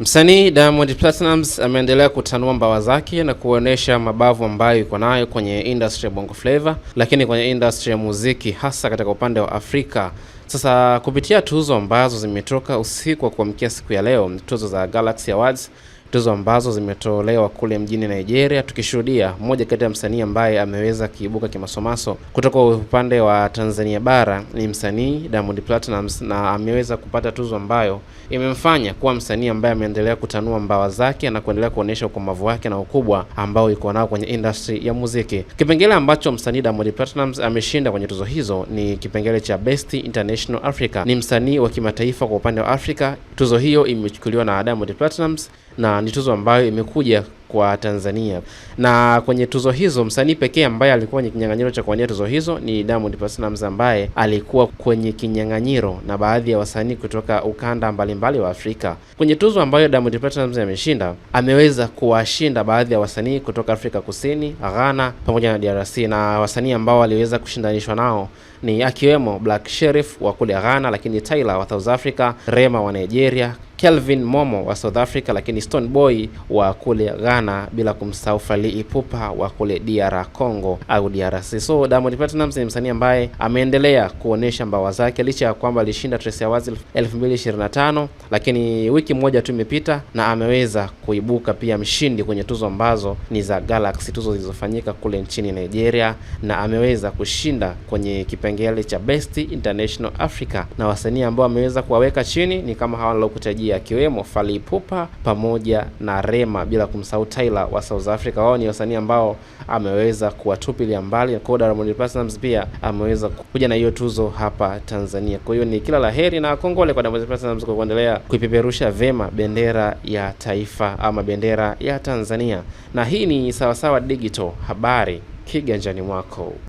Msanii Diamond Platnumz ameendelea kutanua mbawa zake na kuonyesha mabavu ambayo iko nayo kwenye industry ya Bongo Flava, lakini kwenye industry ya muziki hasa katika upande wa Afrika. Sasa kupitia tuzo ambazo zimetoka usiku wa kuamkia siku ya leo, tuzo za Galaxy Awards tuzo ambazo zimetolewa kule mjini Nigeria, tukishuhudia mmoja kati ya msanii ambaye ameweza kiibuka kimasomaso kutoka upande wa Tanzania bara ni msanii Diamond Platnumz, na ameweza kupata tuzo ambayo imemfanya kuwa msanii ambaye ameendelea kutanua mbawa zake na kuendelea kuonyesha ukomavu wake na ukubwa ambao iko nao kwenye industry ya muziki. Kipengele ambacho msanii Diamond Platnumz ameshinda kwenye tuzo hizo ni kipengele cha Best International Africa, ni msanii wa kimataifa kwa upande wa Afrika. Tuzo hiyo imechukuliwa na Diamond Platnumz na ni tuzo ambayo imekuja kwa Tanzania na kwenye tuzo hizo msanii pekee ambaye alikuwa kwenye kinyang'anyiro cha kuwania tuzo hizo ni Diamond Platnumz ambaye alikuwa kwenye kinyang'anyiro na baadhi ya wasanii kutoka ukanda mbalimbali mbali wa Afrika. Kwenye tuzo ambayo Diamond Platnumz ameshinda, ameweza kuwashinda baadhi ya wasanii kutoka Afrika Kusini, Ghana pamoja na DRC, na wasanii ambao waliweza kushindanishwa nao ni akiwemo Black Sheriff wa kule Ghana, lakini Tyler wa South Africa, Rema wa Nigeria Kelvin Momo wa South Africa, lakini Stone Boy wa kule Ghana, bila kumsahau Fally Ipupa wa kule DR Congo au DRC. So Diamond Platnumz ni msanii ambaye ameendelea kuonesha mbawa zake licha ya kwamba alishinda Trace Awards 2025 lakini wiki moja tu imepita na ameweza kuibuka pia mshindi kwenye tuzo ambazo ni za Galaxy, tuzo zilizofanyika kule nchini Nigeria, na ameweza kushinda kwenye kipengele cha Best International Africa, na wasanii ambao ameweza kuwaweka chini ni kama hawa nilokutajia akiwemo Fally Ipupa pamoja na Rema, bila kumsahau Tyler wa South Africa. Wao ni wasanii ambao ameweza kuwatupilia mbali, kwa Diamond Platnumz pia ameweza kuja na hiyo tuzo hapa Tanzania. Kwa hiyo ni kila la heri na kongole kwa Diamond Platnumz kwa kuendelea kuipeperusha vema bendera ya taifa ama bendera ya Tanzania. Na hii ni Sawasawa Digital, habari kiganjani mwako.